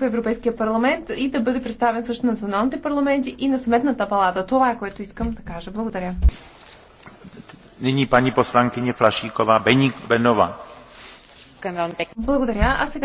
в Европейския парламент и да бъде представен също на националните парламенти и на Сметната палата. Това е което искам да кажа. Благодаря. пани посланкиня Флашикова Бенова. Благодаря. А сега